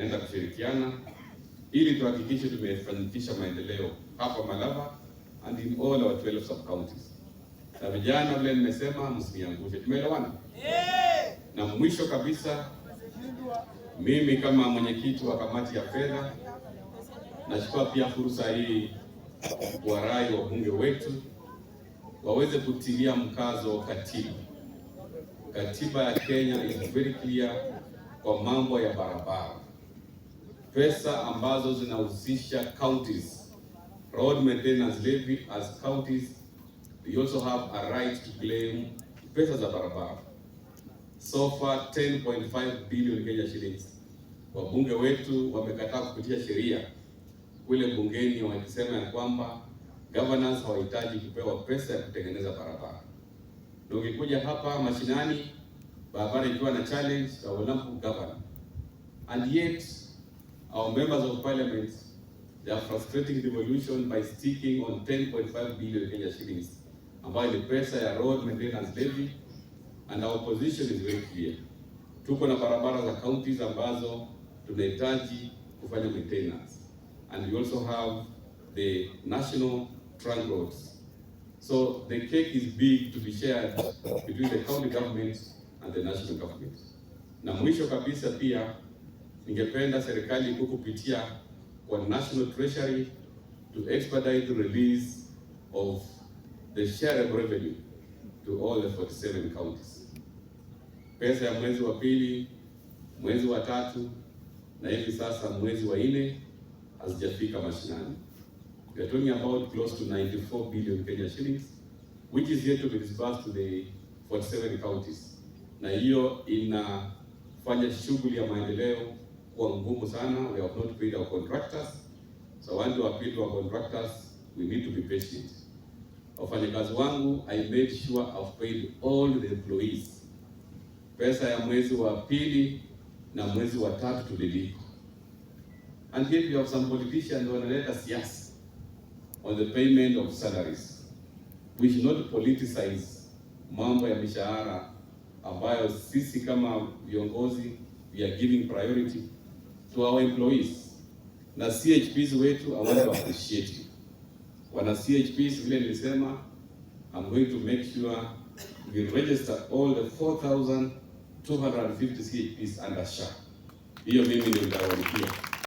tunaenda kushirikiana ili tuhakikishe tumefanikisha maendeleo hapa Malava and in all our 12 sub counties. Na vijana vile nimesema, msiniangushe, tumeelewana yeah. Na mwisho kabisa, mimi kama mwenyekiti wa kamati ya fedha nachukua pia fursa hii kuwarai wabunge wetu waweze kutilia mkazo katiba. Katiba ya Kenya is very clear kwa mambo ya barabara pesa ambazo zinahusisha counties road maintenance levy as counties we also have a right to claim pesa za barabara so far 10.5 billion Kenya shillings. Wabunge wetu wamekataa kupitia sheria kule bungeni, wakisema ya kwamba governors hawahitaji kupewa pesa ya kutengeneza barabara. Na ukikuja hapa mashinani, barabara ikiwa na challenge, tutaona governor and yet our members of parliament are frustrating revolution by sticking on 10.5 billion Kenya shillings ambayo ni pesa ya road maintenance levy, and our position is very clear. Tuko na barabara za counties ambazo tunahitaji kufanya maintenance, and we also have the national trunk roads. So the cake is big to be shared between the county government and the national government. Na mwisho kabisa pia ningependa serikali ku kupitia kwa National Treasury to expedite the release of the of revenue to all the 47 counties. Pesa ya mwezi wa pili, mwezi wa tatu na hivi sasa mwezi wa nne hazijafika mashinani. We are talking about close to 94 billion Kenya shillings which is yet to be disbursed to the 47 counties, na hiyo inafanya shughuli ya maendeleo kuwa ngumu sana. We have not paid our contractors, so once you have paid our contractors, we need to be patient. Wafanyakazi wangu, I made sure I've paid all the employees. Pesa ya mwezi wa pili na mwezi wa tatu tulilipa. And here we have some politicians wanaleta siasa on the payment of salaries. We should not politicize mambo ya mishahara ambayo sisi kama viongozi we are giving priority to our employees na CHPs wetu awali wa appreciate wana CHPs, vile nilisema, I'm going to make sure we register all the 4250 CHPs under SHA. Hiyo mimi ndio nitawaandikia